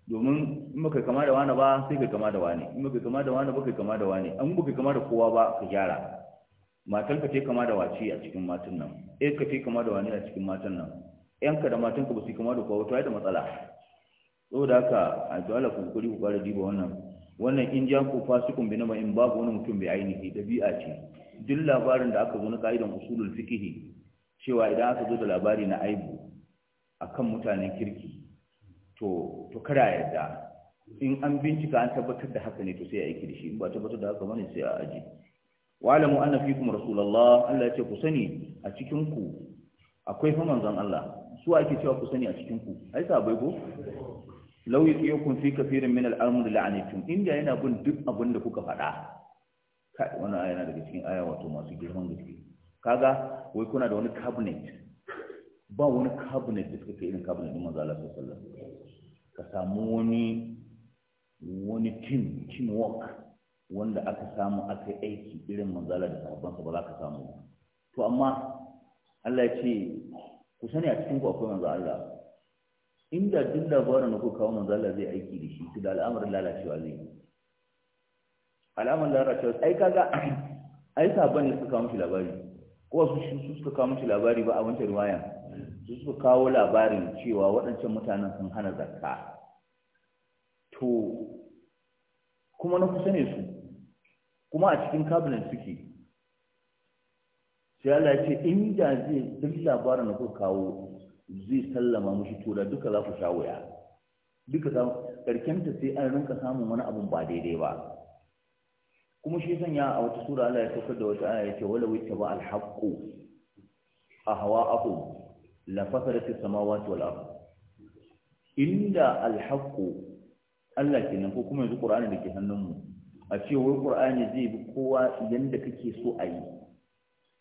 domin in baka kama da wani ba sai ka kama da wani in baka kama da wani ba kai kama da wani an baka kama da kowa ba ka gyara matan ka ce kama da wace a cikin matan nan eh ka ce kama da wani a cikin matan nan ka da matan ka ba su kama da kowa to ai da matsala saboda haka a dole ku kuri ku fara diba wannan wannan in ja ku fasikun bi nama in babu wani mutum bai ainihi dabi'a ce duk labarin da aka zo na ka'idan usulul fiqh cewa idan aka zo da labari na aibu akan mutanen kirki to to kada yadda in an bincika an tabbatar da haka ne to sai a aiki da shi ba tabbatar da haka bane sai a aji wa'lamu anna fikum rasulullah Allah ya ce ku sani a cikin ku akwai fa manzon Allah su ake cewa ku sani a cikin ku ai sabai ko law yuqikum fi kathirin min al-amr la'anitum inda yana bin duk abin da kuka faɗa kai wannan aya yana daga cikin aya wato masu girman gaske kaga wai kuna da wani cabinet ba wani cabinet da suka kai irin cabinet din manzo Allah sallallahu alaihi wasallam ka samu wani wani team teamwork wanda aka samu aka aiki irin manzala da sahabbansa ba za ka samu to amma Allah ya ce ku sani a cikin ku akwai manzo Allah inda duk labarin da ku kawo manzo Allah zai aiki da shi to da al'amarin lalacewa zai yi al'amarin lalacewa ai kaga ai sabon ne suka kawo mishi labari ko su suka kawo mishi labari ba a wancan riwaya su suka kawo labarin cewa waɗancan mutanen sun hana zakka to kuma na kusa ne su kuma a cikin kabinet suke sai Allah ya ce inda zai duk labarin da kuka kawo zai sallama mushi to da duka za ku sha wuya duka za karkenta sai an rinka samun wani abun ba daidai ba kuma shi sanya a wata sura Allah ya saukar da wata aya ya ce wala wita ba alhaqqu ahwa'ahum la fasadatis samawati wal ard inda haqq Allah kenan ko kuma yanzu Qur'ani da ke hannunmu a ce wai Qur'ani zai bi kowa yanda kake so a yi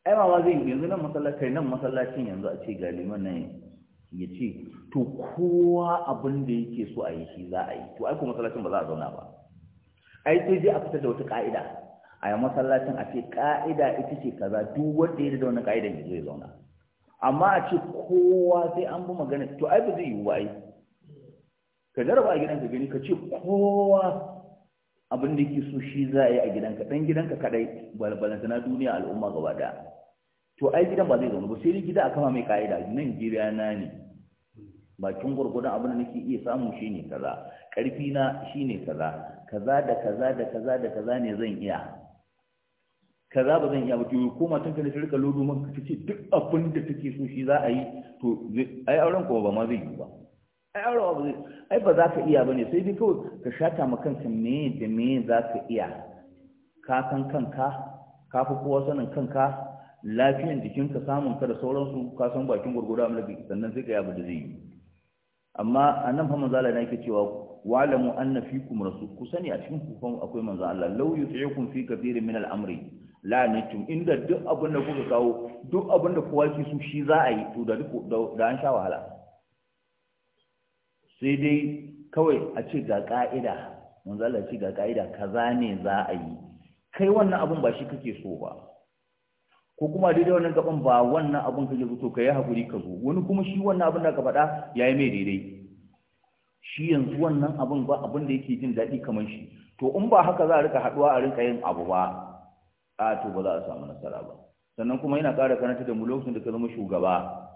ai ma wazi yanzu nan masallaci nan masallacin yanzu a ce ga liman nan ya ce to kowa abin da yake so a yi shi za a yi to ai ko masallacin ba za a zauna ba ai sai dai a fitar da wata ka'ida a yi masallacin a ce ka'ida ita ce kaza duk wanda ya da wannan ka'idan zai zauna amma a ce kowa sai an bi magana to ai ba zai yi wa ai ka jarraba a gidanka gani ka ce kowa abin da ke so shi za a yi a gidanka ɗan gidanka kaɗai balbalanta na duniya al'umma gaba ɗaya to ai gidan ba zai zauna ba sai dai gida a kama mai ka'ida nan gida na ne bakin gwargwadon abin da nake iya samu shi ne kaza karfi na shi kaza kaza da kaza da kaza da kaza ne zan iya kaza ba zan iya ba to ko matan ka da ta rika lodo maka ta ce duk abin da take so shi za a yi to ai auren ko ba ma zai yi ba ai auren ba zai ai ba za ka iya bane sai dai kawai ka shata ma kanka me da me za ka iya ka san kanka ka fi kowa sanin kanka lafiyan jikinka samun ka da sauransu ka san bakin gurgurda amma da sannan sai ka yi abu da zai yi amma annan fa manzo Allah ne yake cewa wa'lamu anna fikum rasul ku sani a cikin ku akwai manzo Allah law yuti'ukum fi kathirin min al-amri lanitum inda duk abin da kuka kawo duk abin da kowa ke su shi za a yi to da duk da an sha wahala sai dai kawai a ce ga ka'ida mun zalla ce ga ka'ida kaza ne za a yi kai wannan abin ba shi kake so ba ko kuma daidai wannan gaban ba wannan abin kake so to kai hakuri ka zo wani kuma shi wannan abin da ka faɗa yayi mai daidai shi yanzu wannan abin ba abin da yake jin daɗi kamar shi to in ba haka za a rika haɗuwa a rika yin abu ba a to ba za a samu nasara ba sannan kuma yana ƙara karanta da mu lokacin da ka zama shugaba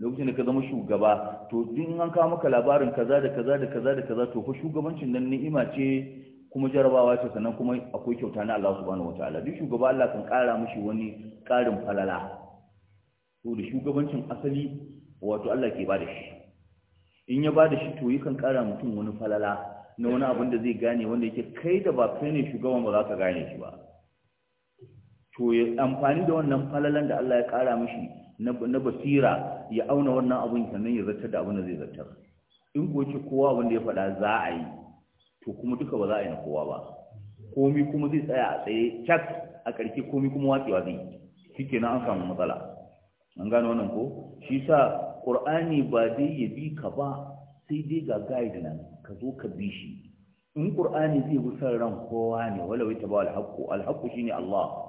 lokacin da ka zama shugaba to duk an kawo maka labarin kaza da kaza da kaza da kaza to fa shugabancin nan ni'ima ce kuma jarabawa ce sannan kuma akwai kyauta na Allah subhanahu wataala duk shugaba Allah kan ƙara mishi wani ƙarin falala to da shugabancin asali wato Allah ke bada shi in ya bada shi to yakan ƙara mutum wani falala na wani abin da zai gane wanda yake kai da ba kai ne shugaban ba za ka gane shi ba to ya amfani da wannan falalan da Allah ya kara mishi na basira ya auna wannan abun sannan ya zartar da abin da zai zartar in ko ce kowa wanda ya faɗa za a yi to kuma duka ba za a yi na kowa ba komi kuma zai tsaya a tsaye cak a ƙarfi komi kuma watsewa zai shike na an samu matsala an gano wannan ko shi sa ƙur'ani ba dai ya bi ka ba sai dai ga guide nan ka zo ka bi shi in ƙur'ani zai bi san ran kowa ne wala wai ta ba alhaqqu alhaqqu shine Allah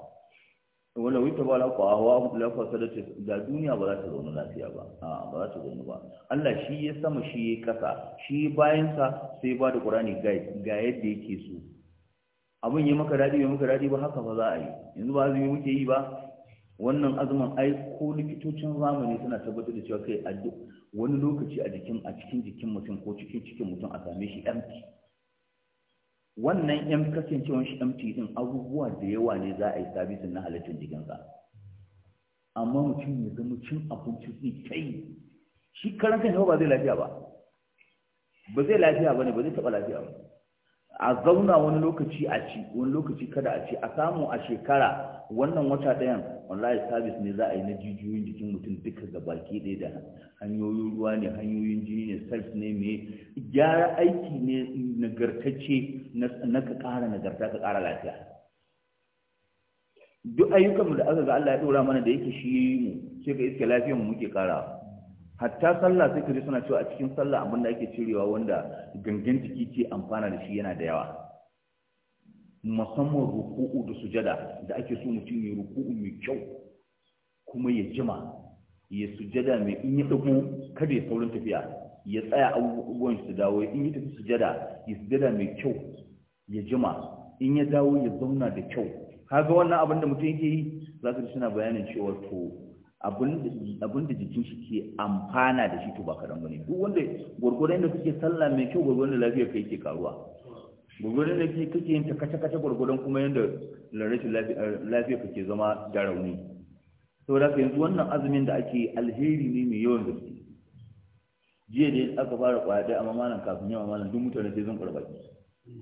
wanda wita ba la kwa hawa la kwa sada ce da duniya ba za ta zauna lafiya ba a ba za ta ba Allah shi ya sama shi ya kasa shi bayan sa sai ba da Qur'ani ga ga yadda yake so abin ya maka daɗi ya maka daɗi ba haka ba za a yi yanzu ba azumi muke yi ba wannan azumin ai ko likitocin zamani suna tabbatar da cewa kai a duk wani lokaci a jikin a cikin jikin mutum ko cikin cikin mutum a same shi empty wannan yan kasancewar shi empty din abubuwa da yawa ne za a yi sabisin na halittar jikinsa amma mutum ya zama cin abinci zai kai shi karan kan ba zai lafiya ba ba zai lafiya ba ne ba zai taɓa lafiya ba a zauna wani lokaci a ci wani lokaci kada a ci a samu a shekara wannan wata ɗayan wallahi sabis ne za a yi na jijiyoyin jikin mutum duka ga baki ɗaya da hanyoyin ruwa ne hanyoyin jini ne self ne mai gyara aiki ne nagartacce na ka ƙara nagarta ka ƙara lafiya duk ayyukanmu da aka ga Allah ya ɗora mana da yake shi mu sai ka iske lafiyar mu muke ƙarawa hatta sallah sai ka suna cewa a cikin sallah abin da ake cirewa wanda gangan jiki ke amfana da shi yana da yawa musamman ruku'u da sujada da ake so mutum ya ruku'u mai kyau kuma ya jima ya sujada mai in ya dago kada ya saurin tafiya ya tsaya abubuwan su dawo in ya tafi sujada ya sujada mai kyau ya jima in ya dawo ya zauna da kyau kaga wannan abin da mutum yake yi za ka ji suna bayanin cewa to abin da jikin shi ke amfana da shi to ba kaɗan ba ne duk wanda gwargwadon da suke sallah mai kyau gwargwadon da lafiyar kai ke karuwa gwargwadon da kake yin ta kace-kace gwargwadon kuma yadda lafiya lafiyar kake zama da rauni da, ka yanzu wannan azumin da ake alheri ne mai yawan gaske jiya da aka fara kwaya a amma malam kafin yawan malam duk mutane sai zan karɓa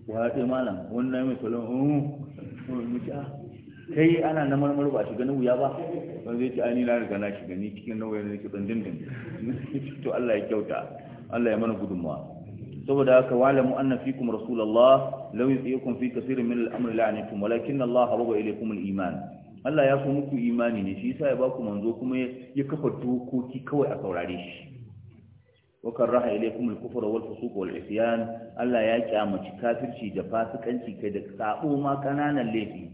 kwaya ɗaya malam wannan mai salon mu kai ana na marmar ba shiga na wuya ba wanda zai ci ai na riga na shiga ni cikin na wuya ke tsandin din to Allah ya kyauta Allah ya mana gudunmuwa saboda haka wa'lamu anna fikum rasulullah law yusikum fi kaseerin min al-amri la'anikum walakin Allah haraba ilaykum al-iman Allah ya so muku imani ne shi yasa ya baku manzo kuma ya kafa dokoki kawai a saurare shi wa karaha ilaykum al-kufra wal fusuq wal isyan Allah ya kyamaci kafirci da fasikanci kai da sabo ma kananan laifi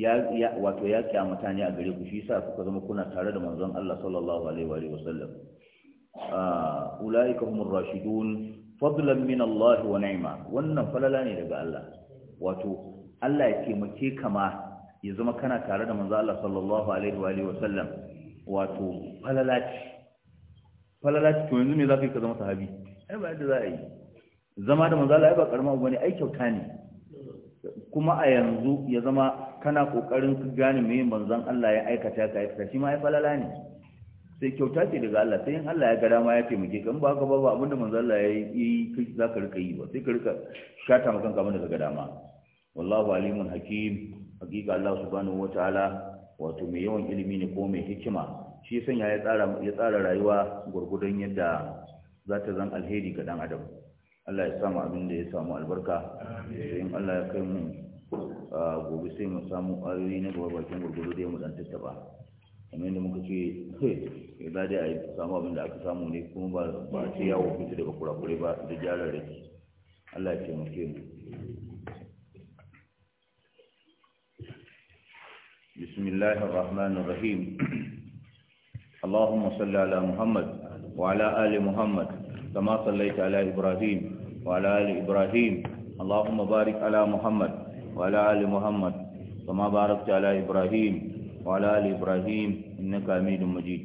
ya wato ya kyamata mutane a gare ku shi yasa kuka zama kuna tare da manzon Allah sallallahu alaihi wa sallam ah, ulaika humur rashidun fadlan min Allah wa ni'ma wannan falala ne daga Allah wato Allah ya taimake kama ya zama kana tare da manzon Allah sallallahu alaihi wa sallam wato falala ce falala ce to yanzu me zaka yi ka zama sahabi ai ba yadda za'a yi zama da manzon Allah ai ba karama bane ai kyauta ne kuma a yanzu ya zama kana kokarin gane me manzon Allah ya aikata ka aikata shi ma ya falala ne sai kyauta ce daga Allah sai in Allah ya ga dama ya taimake ka kan ba haka ba ba abinda manzon Allah ya yi kai za rika yi ba sai ka rika shata maka kanka daga ka dama wallahu alimun hakim hakika Allah subhanahu wataala wato mai yawan ilimi ne ko mai hikima shi sanya ya tsara ya tsara rayuwa gurgudun yadda za ta zan alheri ga dan adam Allah ya samu abin da ya samu albarka in Allah ya kai mu gobe sai mu samu ƙwayoyi na gaba bakin gurgudu da mutanta ta ba kamar yadda muka ce ya za da yi samu abin da aka samu ne kuma ba a ce yawo fito daga kurakure ba da jarar rake Allah ya ce mu بسم الله الرحمن الرحيم اللهم صل على محمد وعلى آل محمد كما صليت على إبراهيم وعلى آل إبراهيم اللهم بارك على محمد وعلى آل محمد كما باركت على إبراهيم وعلى آل إبراهيم إنك حميد مجيد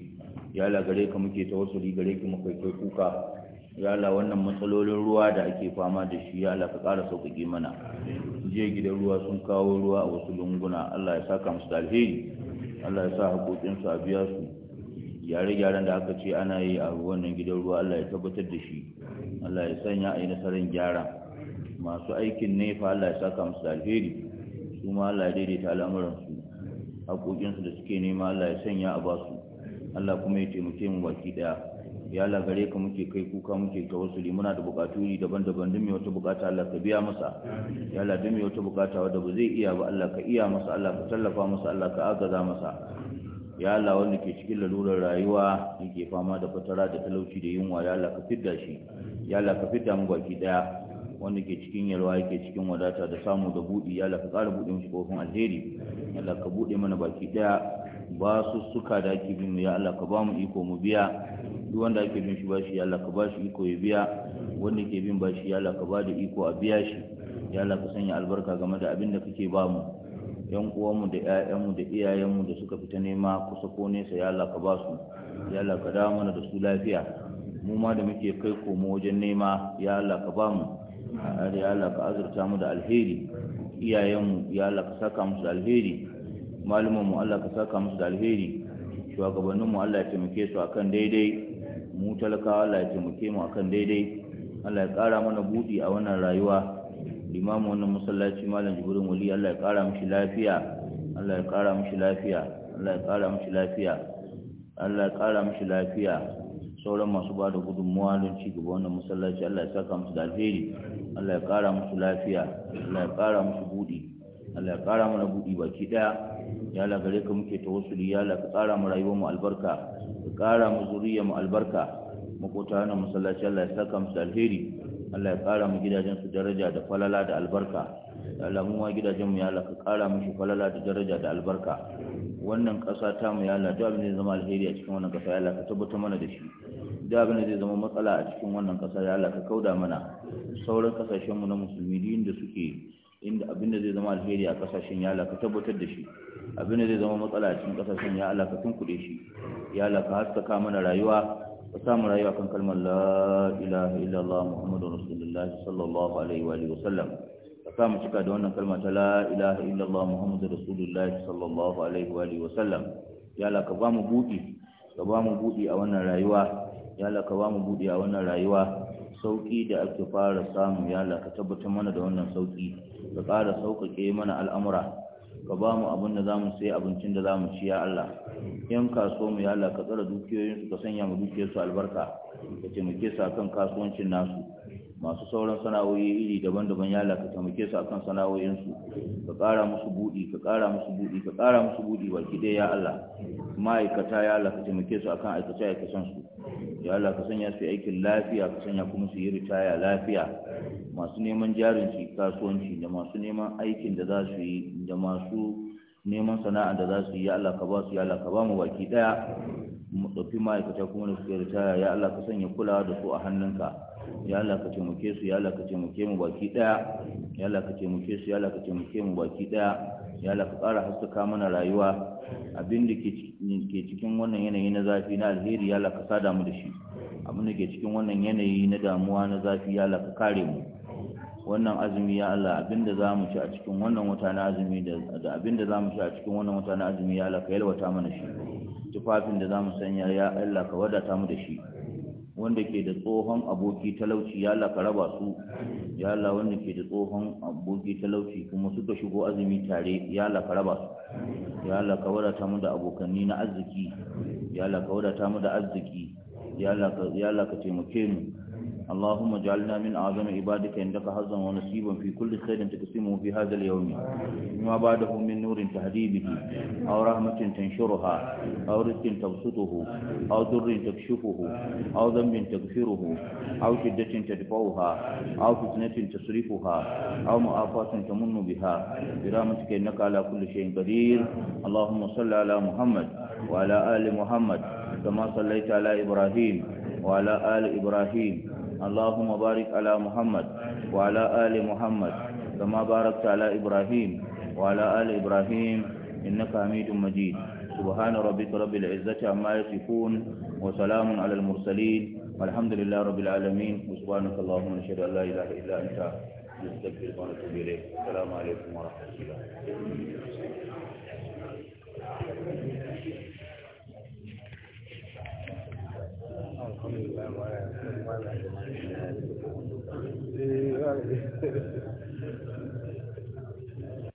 ya Allah gare ka muke tawassuli gare ki kai kuka ya Allah wannan matsalolin ruwa da ake fama da shi ya Allah ka ƙara sauƙaƙe mana jiya gidan ruwa sun kawo ruwa a wasu lunguna Allah ya saka musu alheri Allah ya sa haƙoƙinsu a biya su gyare-gyaren da aka ce ana yi a wannan gidan ruwa Allah ya tabbatar da shi Allah ya sanya a yi nasarar gyara masu aikin nefa Allah ya saka musu alheri su ma Allah ya daidaita al'amuransu haƙoƙinsu da suke nema Allah ya sanya a basu Allah kuma ya taimake mu baki ɗaya ya lagare ka muke kai kuka muke ka wasu limuna da buƙatu daban-daban duk wata buƙata Allah ka biya masa ya la duk wata buƙata wadda ba zai iya ba Allah ka iya masa Allah ka tallafa masa Allah ka agaza masa ya Allah wanda ke cikin lalurar rayuwa yake fama da fatara da talauci da yunwa ya Allah ka fidda shi ya Allah ka fidda mu baki daya wanda ke cikin yalwa yake cikin wadata da samu da budi ya Allah ka ƙara buɗe mu kofin alheri ya Allah ka buɗe mana baki daya ba su suka da ake bin mu ya Allah ka ba mu iko mu biya duk wanda ake bin shi shi ya Allah ka ba shi iko ya biya wanda ke bin shi ya Allah ka ba da iko a biya shi ya Allah ka sanya albarka game da abin da kake ba mu yan uwanmu da ƴaƴanmu da iyayenmu da suka fita nema kusa ko nesa ya Allah ka ba su ya Allah ka dawo mana da su lafiya mu ma da muke kai komo wajen nema ya Allah ka ba mu ya Allah ka azurta mu da alheri iyayenmu ya Allah ka saka musu da alheri malumanmu Allah ka saka musu da alheri shugabanninmu Allah ya taimake su akan daidai mu talakawa Allah ya taimake mu akan daidai Allah ya ƙara mana buɗi a wannan rayuwa limamu wannan masallaci malam jibrin wali Allah ya kara mishi lafiya Allah ya kara mishi lafiya Allah ya kara mishi lafiya Allah ya kara mishi lafiya sauran masu ba da gudunmuwa don ci gaba wannan masallaci Allah ya saka musu da alheri Allah ya kara musu lafiya Allah ya kara musu budi Allah ya kara mana budi baki daya ya Allah gare ka muke tawassuli ya Allah ka kara mu rayuwar mu albarka ka kara mu zuriyar mu albarka makota wannan masallaci Allah ya saka musu da alheri Allah ya ƙara mu gidajen su daraja da falala da albarka alamu ma gidajen mu ya Allah ka ƙara mu falala da daraja da albarka wannan ƙasa ta mu ya Allah da abin da zai zama alheri a cikin wannan ƙasa ya Allah ka tabbatar mana da shi da abin da zai zama matsala a cikin wannan ƙasa ya Allah ka kauda mana sauran ƙasashen mu na musulmi din da suke inda abin da zai zama alheri a kasashen ya ka tabbatar da shi abin da zai zama matsala a cikin kasashen ya ka tunkuɗe shi ya ka haskaka mana rayuwa ka samu rayuwa kan kalmar la illallah muhammadu rasulullah sallallahu alaihi wa alihi wasallam ka samu cika da wannan kalma ta la illallah muhammadu rasulullah sallallahu alaihi wa alihi wasallam ka ba mu a wannan rayuwa ya ka rayuwa sauki da ake fara samu ya ka tabbatar mana da wannan sauki ka ƙara sauƙaƙe mana al'amura ka ba mu abin da za mu sai abincin da za mu ci ya Allah yan kasuwa mu ya Allah ka tsara dukiyoyin su ka sanya mu dukiyarsu su albarka ka taimake su akan kasuwancin nasu masu sauran sana'o'i iri daban-daban ya Allah ka taimake su akan sana'o'in ka ƙara musu buɗi ka ƙara musu buɗi ka ƙara musu buɗi baki ɗaya ya Allah ma'aikata ya Allah ka taimake su akan aikace-aikacen su ya Allah ka sanya su aikin lafiya ka sanya kuma su yi ritaya lafiya masu neman jarin su kasuwanci da masu neman aikin da za su yi da masu neman sana'a da za su yi ya Allah ka ba su ya Allah ka ba mu baki daya mu ɗauki ma'aikata kuma da suke ritaya ya Allah ka sanya kulawa da su a hannunka ya Allah ka taimake su ya Allah ka taimake mu baki daya ya Allah ka taimake su ya Allah ka taimake mu baki daya ya Allah ka ƙara haskaka mana rayuwa abin da ke cikin wannan yanayi na zafi na alheri ya Allah ka sada mu da shi abin da ke cikin wannan yanayi na damuwa na zafi ya Allah ka kare mu wannan azumi ya Allah abinda za mu ci a cikin wannan wata na azumi da abinda za mu ci a cikin wannan wata na azumi ya Allah ka yalwata mana shi tufafin da za mu sanya ya Allah ka wadata mu da shi wanda ke da tsohon aboki talauci ya Allah ka raba su ya Allah wanda ke da tsohon aboki talauci kuma suka shigo azumi tare ya Allah ka raba su ya Allah ka wadata mu da abokanni na arziki ya Allah ka wadata mu da arziki ya Allah ka taimake mu اللهم اجعلنا من أعظم عبادك عندك حظا ونصيبا في كل خير تقسمه في هذا اليوم ما بعده من نور تهدي به أو رحمة تنشرها أو رزق تبسطه أو ضر تكشفه أو ذنب تغفره أو شدة تدفعها أو فتنة تصرفها أو مؤافاة تمن بها برحمتك إنك على كل شيء قدير اللهم صل على محمد وعلى آل محمد كما صليت على إبراهيم وعلى آل إبراهيم اللهم بارك على محمد وعلى آل محمد كما باركت على إبراهيم وعلى آل إبراهيم إنك حميد مجيد سبحان ربك رب العزة عما يصفون وسلام على المرسلين والحمد لله رب العالمين سبحانك اللهم نشهد أن لا إله إلا أنت نستغفرك ونتوب إليك السلام عليكم ورحمة الله الحمد لله Sí, vale.